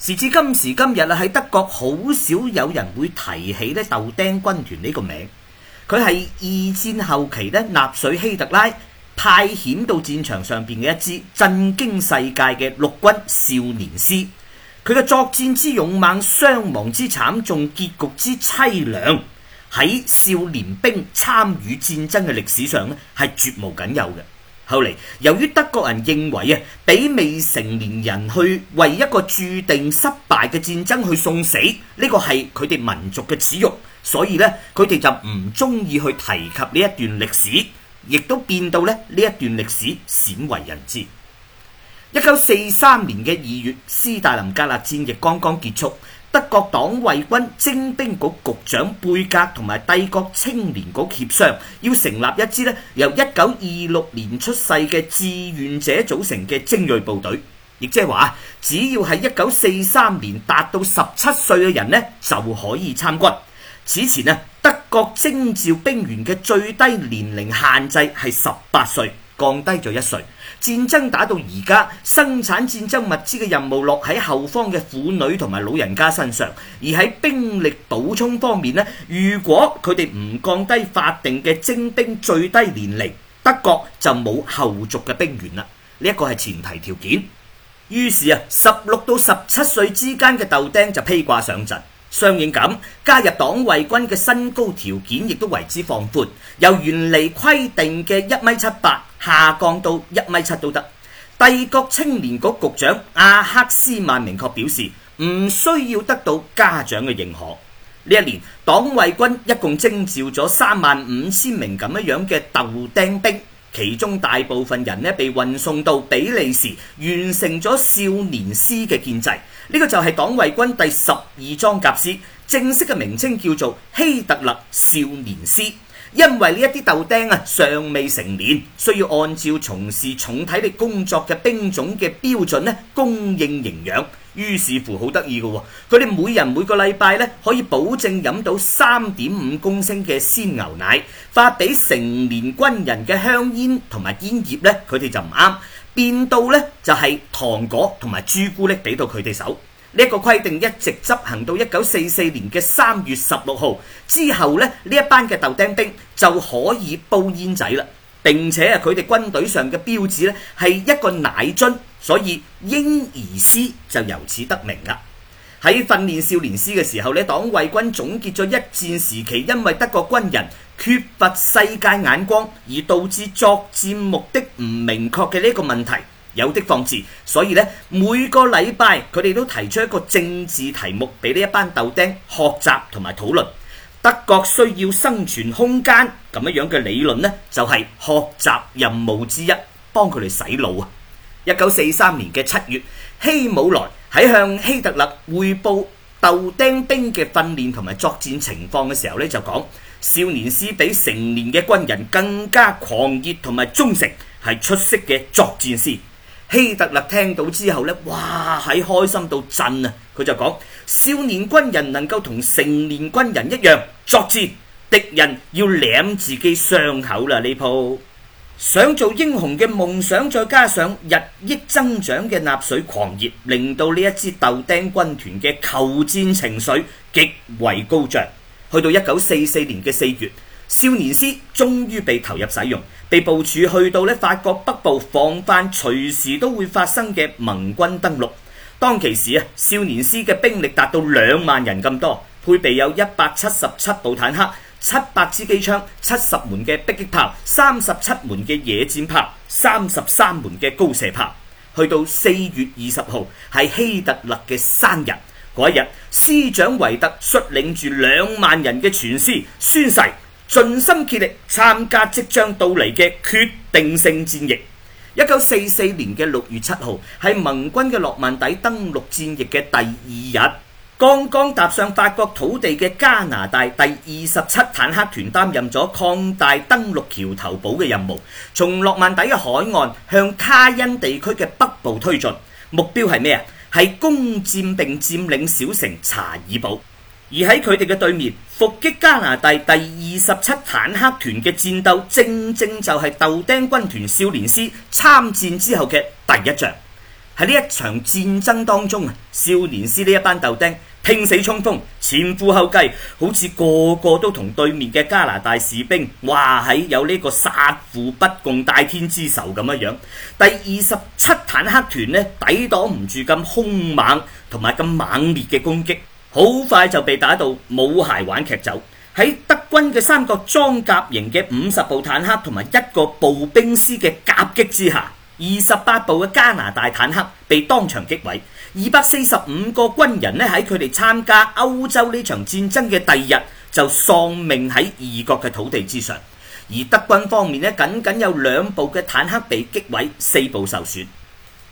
時至今時今日啊，喺德國好少有人會提起咧豆丁軍團呢個名。佢係二戰後期咧納粹希特拉派遣到戰場上邊嘅一支震驚世界嘅陸軍少年師。佢嘅作戰之勇猛、傷亡之慘重、結局之淒涼，喺少年兵參與戰爭嘅歷史上咧係絕無僅有嘅。後嚟，由於德國人認為啊，俾未成年人去為一個注定失敗嘅戰爭去送死，呢個係佢哋民族嘅恥辱，所以呢，佢哋就唔中意去提及呢一段歷史，亦都變到咧呢一段歷史鮮為人知。一九四三年嘅二月，斯大林格勒戰役剛剛結束。德國黨衛軍徵兵局局長貝格同埋帝國青年局協商，要成立一支咧由一九二六年出世嘅志願者組成嘅精銳部隊，亦即係話，只要係一九四三年達到十七歲嘅人咧，就可以參軍。此前呢，德國徵召兵員嘅最低年齡限制係十八歲，降低咗一歲。戰爭打到而家，生產戰爭物資嘅任務落喺後方嘅婦女同埋老人家身上，而喺兵力補充方面呢，如果佢哋唔降低法定嘅徵兵最低年齡，德國就冇後續嘅兵源啦。呢一個係前提條件。於是啊，十六到十七歲之間嘅豆丁就披掛上陣。相應咁，加入黨衛軍嘅身高條件亦都為之放寬，由原嚟規定嘅一米七八，下降到一米七都得。帝國青年局局長阿克斯曼明確表示，唔需要得到家長嘅認可。呢一年黨衛軍一共徵召咗三萬五千名咁樣嘅豆丁兵，其中大部分人呢被運送到比利時，完成咗少年師嘅建制。呢、這個就係黨衛軍第十二裝甲師，正式嘅名稱叫做希特勒少年師。因為呢一啲豆丁啊，尚未成年，需要按照從事重體力工作嘅兵種嘅標準呢供應營養。於是乎好、哦，好得意嘅，佢哋每人每個禮拜呢，可以保證飲到三點五公升嘅鮮牛奶。發俾成年軍人嘅香煙同埋煙葉呢，佢哋就唔啱，變到呢，就係、是、糖果同埋朱古力俾到佢哋手。呢一個規定一直執行到一九四四年嘅三月十六號之後咧，呢一班嘅豆丁兵就可以煲煙仔啦。並且啊，佢哋軍隊上嘅標誌呢係一個奶樽，所以嬰兒師就由此得名啦。喺訓練少年師嘅時候咧，黨衛軍總結咗一戰時期因為德國軍人缺乏世界眼光而導致作戰目的唔明確嘅呢個問題。有的放矢，所以呢，每個禮拜佢哋都提出一個政治題目俾呢一班豆丁學習同埋討論。德國需要生存空間咁樣嘅理論呢，就係、是、學習任務之一，幫佢哋洗腦啊！一九四三年嘅七月，希姆萊喺向希特勒匯報豆丁丁嘅訓練同埋作戰情況嘅時候呢，就講：少年師比成年嘅軍人更加狂熱同埋忠誠，係出色嘅作戰師。希特勒聽到之後呢，哇喺開心到震啊！佢就講：少年軍人能夠同成年軍人一樣作戰，敵人要舐自己傷口啦！呢鋪想做英雄嘅夢想，再加上日益增長嘅納粹狂熱，令到呢一支豆丁軍團嘅求戰情緒極為高漲。去到一九四四年嘅四月，少年師終於被投入使用，被部署去到咧法國北部防範隨時都會發生嘅盟軍登陸。當其時啊，少年師嘅兵力達到兩萬人咁多，配備有一百七十七部坦克、七百支機槍、七十門嘅迫擊炮、三十七門嘅野戰炮、三十三門嘅高射炮。去到四月二十號係希特勒嘅生日，嗰一日，師長維特率領住兩萬人嘅全師宣誓。盡心竭力參加即將到嚟嘅決定性戰役。一九四四年嘅六月七號係盟軍嘅諾曼底登陸戰役嘅第二日，剛剛踏上法國土地嘅加拿大第二十七坦克團擔任咗擴大登陸橋頭堡嘅任務，從諾曼底嘅海岸向卡恩地區嘅北部推進，目標係咩啊？係攻佔並佔領小城查爾堡。而喺佢哋嘅對面伏擊加拿大第二十七坦克團嘅戰鬥，正正就係豆丁軍團少年師參戰之後嘅第一仗。喺呢一場戰爭當中啊，少年師呢一班豆丁拼死衝鋒，前赴後繼，好似個個都同對面嘅加拿大士兵話係有呢個殺父不共戴天之仇咁樣樣。第二十七坦克團呢，抵擋唔住咁兇猛同埋咁猛烈嘅攻擊。好快就被打到冇鞋挽屐走，喺德軍嘅三個裝甲營嘅五十部坦克同埋一個步兵師嘅夾擊之下，二十八部嘅加拿大坦克被當場擊毀，二百四十五個軍人咧，喺佢哋參加歐洲呢場戰爭嘅第二日就喪命喺異國嘅土地之上，而德軍方面咧，僅僅有兩部嘅坦克被擊毀，四部受損。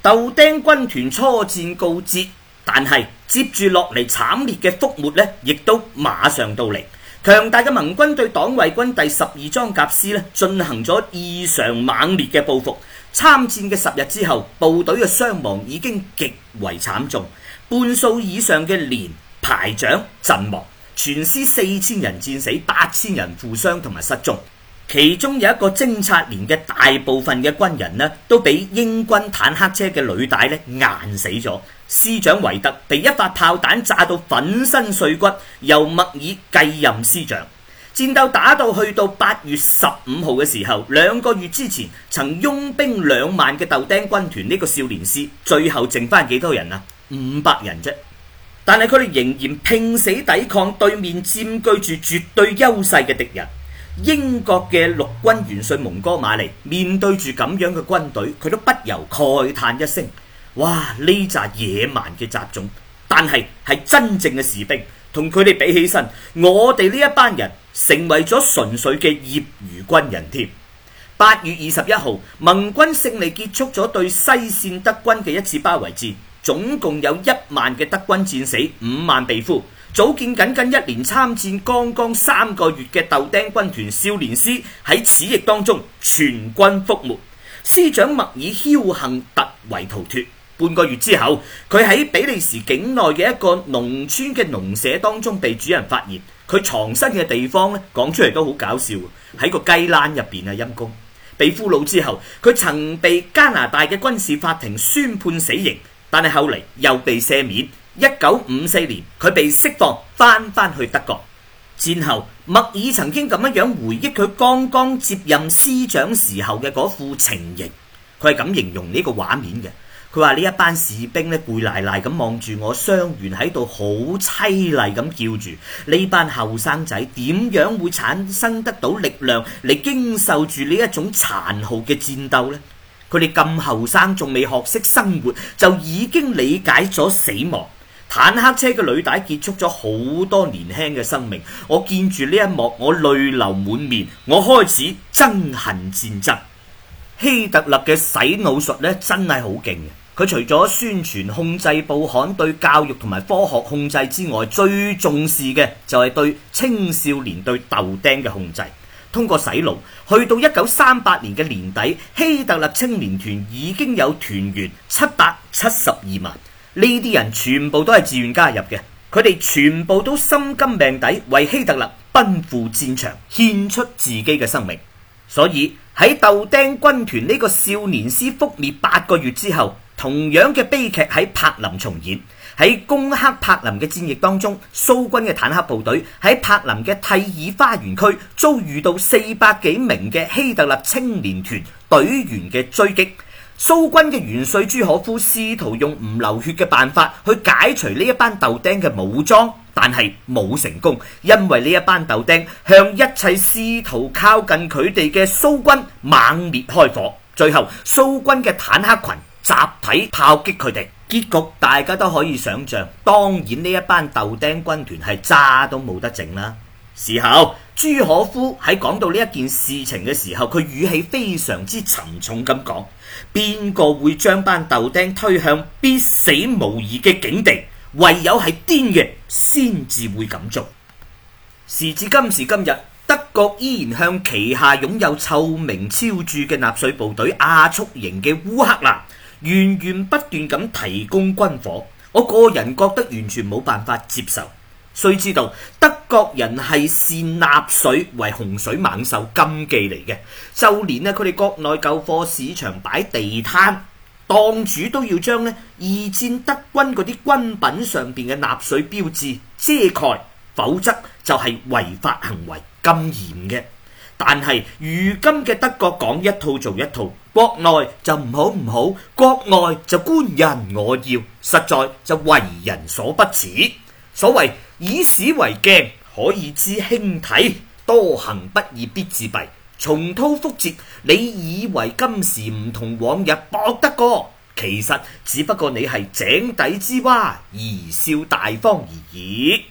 豆丁軍團初戰告捷，但係，接住落嚟慘烈嘅覆沒呢，亦都馬上到嚟。強大嘅盟軍對黨衛軍第十二裝甲師呢進行咗異常猛烈嘅報復。參戰嘅十日之後，部隊嘅傷亡已經極為慘重，半數以上嘅連排長陣亡，全師四千人戰死，八千人負傷同埋失蹤。其中有一個偵察連嘅大部分嘅軍人呢，都俾英軍坦克車嘅履帶呢，壓死咗。師長維特被一發炮彈炸到粉身碎骨，由麥爾繼任師長。戰鬥打到去到八月十五號嘅時候，兩個月之前曾擁兵兩萬嘅豆丁軍團呢個少年師，最後剩返幾多人啊？五百人啫。但係佢哋仍然拼死抵抗對面佔據住絕對優勢嘅敵人。英國嘅陸軍元帥蒙哥馬利面對住咁樣嘅軍隊，佢都不由慨嘆一聲：哇！呢紮野蠻嘅雜種，但係係真正嘅士兵，同佢哋比起身，我哋呢一班人成為咗純粹嘅業餘軍人添。八月二十一號，盟軍勝利結束咗對西線德軍嘅一次包圍戰，總共有一萬嘅德軍戰死，五萬被俘。組建僅僅一年，參戰剛剛三個月嘅豆丁軍團少年師喺此役當中全軍覆沒，師長麥爾僥幸突圍逃脫。半個月之後，佢喺比利時境內嘅一個農村嘅農舍當中被主人發現，佢藏身嘅地方咧，講出嚟，都好搞笑，喺個雞欄入面啊，陰公。被俘虜之後，佢曾被加拿大嘅軍事法庭宣判死刑，但係後嚟又被赦免。一九五四年，佢被釋放，翻翻去德國。戰後，麥爾曾經咁樣樣回憶佢剛剛接任師長時候嘅嗰副情形。佢係咁形容呢個畫面嘅。佢話：呢一班士兵呢，攰賴賴咁望住我，傷員喺度，好淒厲咁叫住。呢班後生仔點樣會產生得到力量嚟經受住呢一種殘酷嘅戰鬥呢？佢哋咁後生，仲未學識生活，就已經理解咗死亡。坦克車嘅履帶結束咗好多年輕嘅生命，我見住呢一幕，我淚流滿面，我開始憎恨戰爭。希特勒嘅洗腦術呢，真係好勁嘅。佢除咗宣傳、控制報刊、對教育同埋科學控制之外，最重視嘅就係對青少年對豆丁嘅控制。通過洗腦，去到一九三八年嘅年底，希特勒青年團已經有團員七百七十二萬。呢啲人全部都係自願加入嘅，佢哋全部都心甘命抵，為希特勒奔赴戰場，獻出自己嘅生命。所以喺豆丁軍團呢個少年師覆滅八個月之後，同樣嘅悲劇喺柏林重演。喺攻克柏林嘅戰役當中，蘇軍嘅坦克部隊喺柏林嘅蒂爾花園區，遭遇到四百幾名嘅希特勒青年團隊員嘅追擊。蘇軍嘅元帥朱可夫試圖用唔流血嘅辦法去解除呢一班豆丁嘅武裝，但係冇成功，因為呢一班豆丁向一切試圖靠近佢哋嘅蘇軍猛烈開火，最後蘇軍嘅坦克群集體炮擊佢哋，結局大家都可以想象。當然呢一班豆丁軍團係渣都冇得整啦。時候，朱可夫喺講到呢一件事情嘅時候，佢語氣非常之沉重咁講：邊個會將班豆丁推向必死無疑嘅境地？唯有係癲嘅先至會咁做。時至今時今日，德國依然向旗下擁有臭名昭著嘅納粹部隊亞速營嘅烏克蘭源源不斷咁提供軍火，我個人覺得完全冇辦法接受。需知道德國人係視納粹為洪水猛獸禁忌嚟嘅，就連咧佢哋國內舊貨市場擺地攤，檔主都要將呢二戰德軍嗰啲軍品上邊嘅納粹標誌遮蓋，否則就係違法行為，咁嚴嘅。但係如今嘅德國講一套做一套，國內就唔好唔好，國外就官人我要，實在就為人所不齒。所謂以史為鏡，可以知興替；多行不義，必自斃。重蹈覆轍，你以為今時唔同往日搏得過？其實只不過你係井底之蛙，貽笑大方而已。